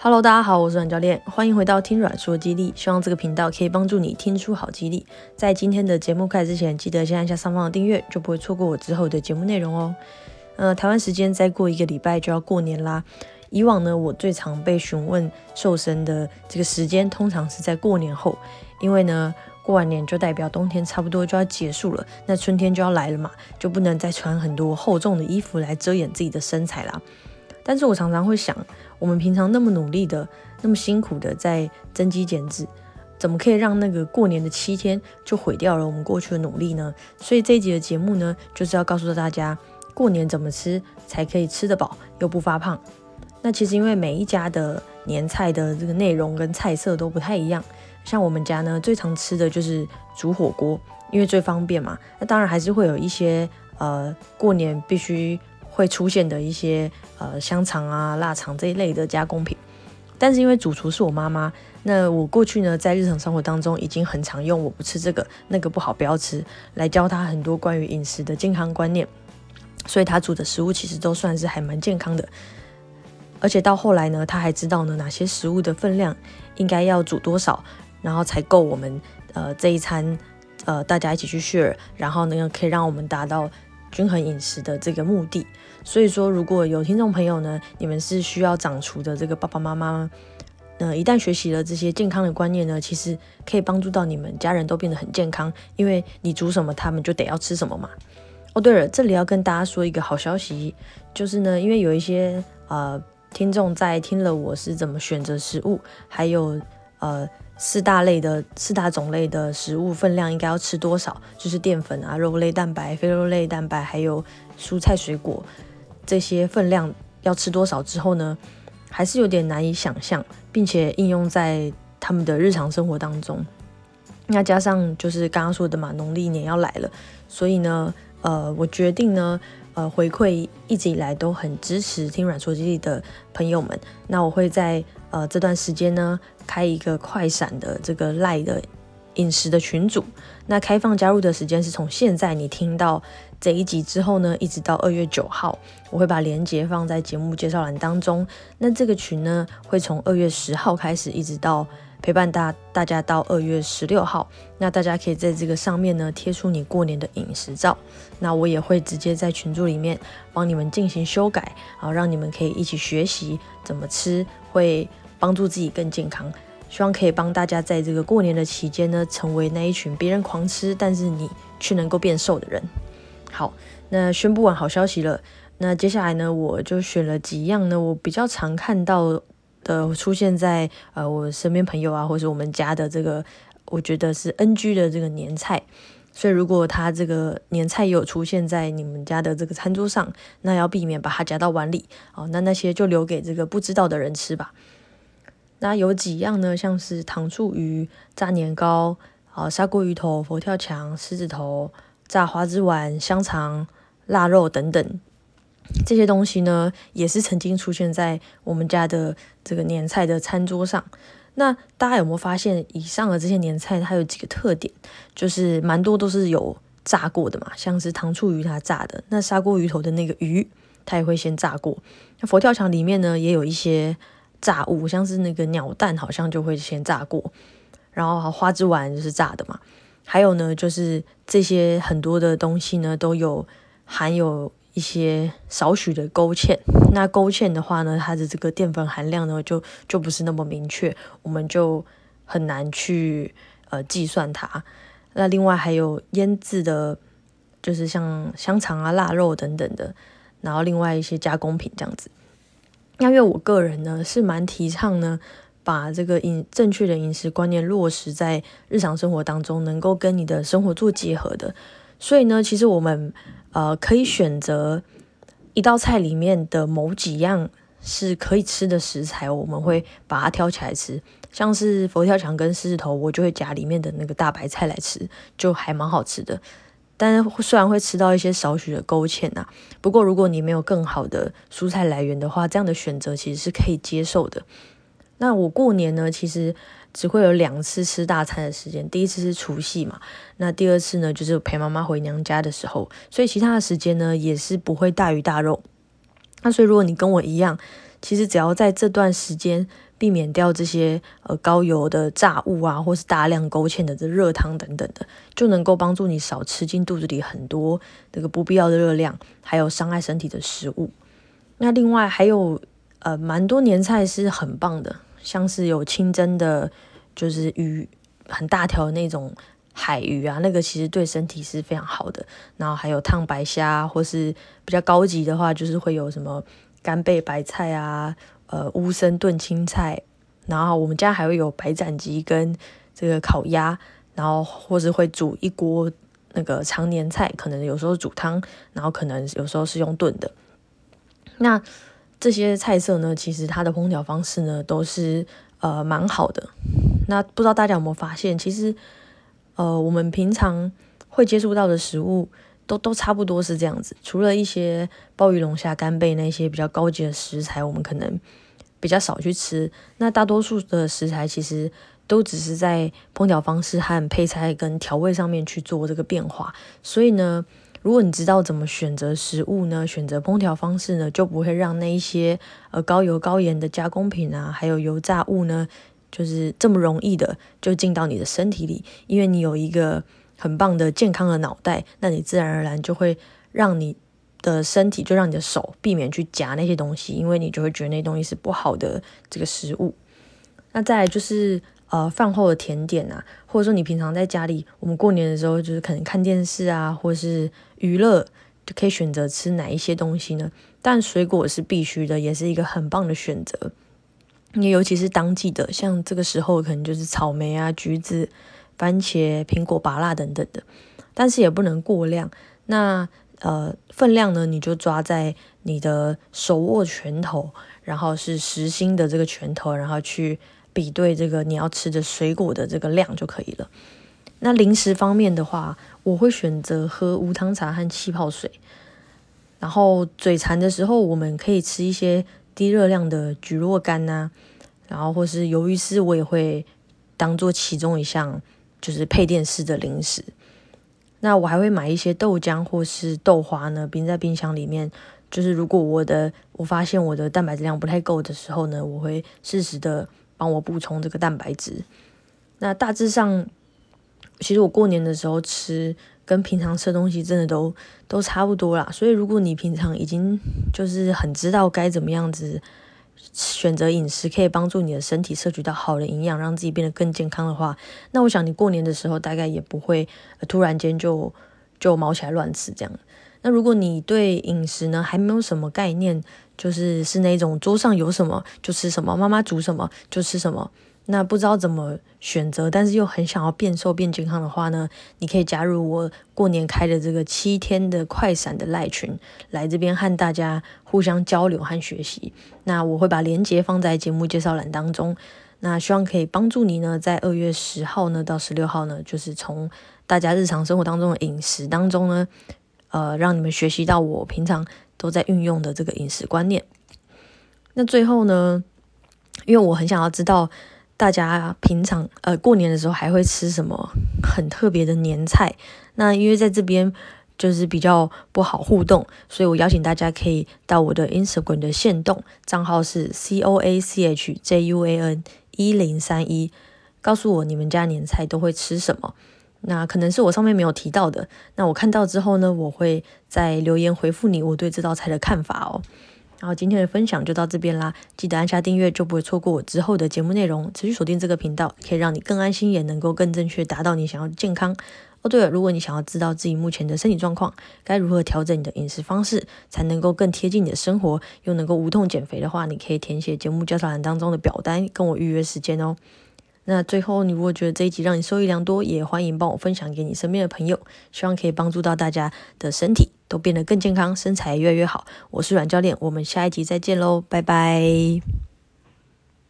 哈嘍，Hello, 大家好，我是軟教練，歡迎回到聽軟說激勵。希望這個頻道可以幫助你聽出好激勵。在今天的節目開始之前，記得先按下上方的訂閱，就不會錯過我之後的節目內容哦。呃，台灣時間再過一個禮拜就要過年啦。以往呢，我最常被詢問瘦身的這個時間，通常是在過年後，因為呢，過完年就代表冬天差不多就要結束了，那春天就要來了嘛，就不能再穿很多厚重的衣服來遮掩自己的身材啦。但是我常常會想。我們平常那麼努力的，那麼辛苦的在增肌減脂，怎麼可以讓那個過年的七天就毀掉了我們過去的努力呢？所以這一集的節目呢，就是要告訴大家，過年怎麼吃才可以吃得飽又不發胖。那其實因為每一家的年菜的這個內容跟菜色都不太一樣，像我們家呢最常吃的就是煮火鍋，因為最方便嘛。那當然還是會有一些呃，過年必須。會出現的一些呃香腸啊、臘腸這一類的加工品，但是因為主廚是我媽媽，那我過去呢，在日常生活當中已經很常用，我不吃這個那個不好，不要吃，來教她很多關於飲食的健康觀念，所以她煮的食物其實都算是還蠻健康的，而且到後來呢，她還知道呢，哪些食物的分量應該要煮多少，然後才夠我們呃這一餐呃大家一起去 share，然後那個可以讓我們達到。均衡飲食的這個目的，所以說如果有聽眾朋友呢，你們是需要掌廚的這個爸爸媽媽呢，一旦學習了這些健康的觀念呢，其實可以幫助到你們家人都變得很健康，因為你煮什麼，他們就得要吃什麼嘛。哦，對了，這裡要跟大家說一個好消息，就是呢，因為有一些呃聽眾在聽了我是怎麼選擇食物，還有。呃，四大類的四大種類的食物分量，應該要吃多少？就是澱粉啊、肉類蛋白、非肉類蛋白，還有蔬菜水果這些分量要吃多少之後呢，還是有點難以想象，並且應用在他們的日常生活當中。那加上就是剛剛說的嘛，農曆年要來了，所以呢，呃，我決定呢，呃，回饋一直以來都很支持聽軟說基地的朋友們，那我會在。呃，這段時間呢，開一個快閃的這個賴的飲食的群組，那開放加入的時間是從現在你聽到這一集之後呢，一直到二月九號，我會把連結放在節目介紹欄當中。那這個群呢，會從二月十號開始一直到。陪伴大大家到二月十六號，那大家可以在這個上面呢貼出你過年的飲食照，那我也會直接在群組裡面幫你們進行修改，然後讓你們可以一起學習怎麼吃，會幫助自己更健康。希望可以幫大家在這個過年的期間呢，成為那一群別人狂吃，但是你卻能夠變瘦的人。好，那宣布完好消息了，那接下來呢，我就選了幾樣呢，我比較常看到，的出現在呃我身邊朋友啊，或者我們家的這個，我覺得是 NG 的這個年菜，所以如果他這個年菜也有出現在你們家的這個餐桌上，那要避免把它夾到碗裡哦，那那些就留給這個不知道的人吃吧。那有幾樣呢？像是糖醋魚、炸年糕、啊、哦、砂鍋魚頭、佛跳牆、獅子頭、炸花枝丸、香腸、臘肉等等。這些東西呢，也是曾經出現在我們家的這個年菜的餐桌上。那大家有沒有發現，以上的這些年菜，它有幾個特點，就是蠻多都是有炸過的嘛，像是糖醋魚它炸的，那砂鍋魚頭的那個魚，它也會先炸過。那佛跳牆裡面呢，也有一些炸物，像是那個鳥蛋，好像就會先炸過。然後花枝丸就是炸的嘛，還有呢，就是這些很多的東西呢，都有含有。一些少許的勾芡，那勾芡的話呢，它的這個澱粉含量呢，就就不是那麼明確，我們就很難去呃計算它。那另外還有醃制的，就是像香腸啊、臘肉等等的，然後另外一些加工品這樣子。那因為我個人呢，是蠻提倡呢，把這個飲正確的飲食觀念落實在日常生活當中，能夠跟你的生活做結合的。所以呢，其實我們呃可以選擇一道菜裡面的某幾樣是可以吃的食材，我們會把它挑起來吃。像是佛跳牆跟獅子頭，我就會夾裡面的那個大白菜來吃，就還蠻好吃的。但雖然會吃到一些少許的勾芡啊，不過如果你沒有更好的蔬菜來源的話，這樣的選擇其實是可以接受的。那我過年呢，其實只會有兩次吃大餐的時間，第一次是除夕嘛，那第二次呢就是陪媽媽回娘家的時候，所以其他的時間呢也是不會大魚大肉。那所以如果你跟我一樣，其實只要在這段時間避免掉這些呃高油的炸物啊，或是大量勾芡的這熱湯等等的，就能夠幫助你少吃進肚子裡很多那個不必要的熱量，還有傷害身體的食物。那另外還有呃蠻多年菜是很棒的。像是有清蒸的，就是魚很大條的那種海魚啊，那個其實對身體是非常好的。然後還有燙白蝦，或是比較高級的話，就是會有什麼干貝白菜啊，呃烏參燉青菜。然後我們家還會有白斬雞跟這個烤鴨，然後或是會煮一鍋那個常年菜，可能有時候煮湯，然後可能有時候是用燉的。那這些菜色呢，其實它的烹調方式呢，都是呃蠻好的。那不知道大家有沒有發現，其實呃我們平常會接觸到的食物，都都差不多是這樣子。除了一些鮑魚、龍蝦、干貝那些比較高級的食材，我們可能比較少去吃。那大多數的食材其實都只是在烹調方式和配菜跟調味上面去做這個變化。所以呢。如果你知道怎麼選擇食物呢，選擇烹調方式呢，就不會讓那一些呃高油高鹽的加工品啊，還有油炸物呢，就是這麼容易的就進到你的身體裡。因為你有一個很棒的健康的腦袋，那你自然而然就會讓你的身體，就讓你的手避免去夾那些東西，因為你就會覺得那東西是不好的這個食物。那再來就是。呃，飯後的甜點啊，或者說你平常在家裡，我們過年的時候就是可能看電視啊，或是娛樂，就可以選擇吃哪一些東西呢？但水果是必須的，也是一個很棒的選擇。因為尤其是當季的，像這個時候可能就是草莓啊、橘子、番茄、蘋果、芭樂等等的，但是也不能過量。那呃分量，呢，你就抓在你的手握拳頭，然後是實心的這個拳頭，然後去。比對這個你要吃的水果的這個量就可以了。那零食方面的話，我會選擇喝無糖茶和氣泡水。然後嘴饞的時候，我們可以吃一些低熱量的蒟蒻乾吶、啊，然後或是魷魚絲，我也會當做其中一項就是配電式的零食。那我還會買一些豆漿或是豆花呢，冰在冰箱裡面。就是如果我的我發現我的蛋白質量不太夠的時候呢，我會適時的。幫我補充這個蛋白質。那大致上，其實我過年的時候吃跟平常吃東西真的都都差不多啦。所以如果你平常已經就是很知道該怎麼樣子選擇飲食，可以幫助你的身體攝取到好的營養，讓自己變得更健康的話，那我想你過年的時候大概也不會，呃，突然間就就毛起來亂吃這樣。那如果你對飲食呢還沒有什麼概念，就是是那種桌上有什麼就吃什麼，媽媽煮什麼就吃什麼。那不知道怎麼選擇，但是又很想要變瘦變健康的話呢，你可以加入我過年開的這個七天的快閃的賴群，來這邊和大家互相交流和學習。那我會把連結放在節目介紹欄當中。那希望可以幫助你呢，在二月十號呢到十六號呢，就是從大家日常生活當中的飲食當中呢，呃，讓你們學習到我平常。都在運用的這個飲食觀念。那最後呢，因為我很想要知道大家平常呃過年的時候還會吃什麼很特別的年菜。那因為在這邊就是比較不好互動，所以我邀請大家可以到我的 Instagram 的限動賬號是 CoachJuan 一零三一，C O A C H J U A N、1031，告訴我你們家年菜都會吃什麼。那可能是我上面沒有提到的，那我看到之後呢，我會在留言回復你我對這道菜的看法哦。然後今天的分享就到這邊啦，記得按下訂閱，就不會錯過我之後的節目內容，持續鎖定這個頻道，可以讓你更安心，也能夠更正確達到你想要的健康哦。對了，如果你想要知道自己目前的身體狀況，該如何調整你的飲食方式才能夠更貼近你的生活，又能夠無痛減肥的話，你可以填寫節目介紹欄當中的表單跟我預約時間哦。那最後，你如果覺得這一集讓你受益良多，也歡迎幫我分享給你身邊的朋友，希望可以幫助到大家的身體都變得更健康，身材越來越好。我是軟教練，我們下一集再見嘍，拜拜。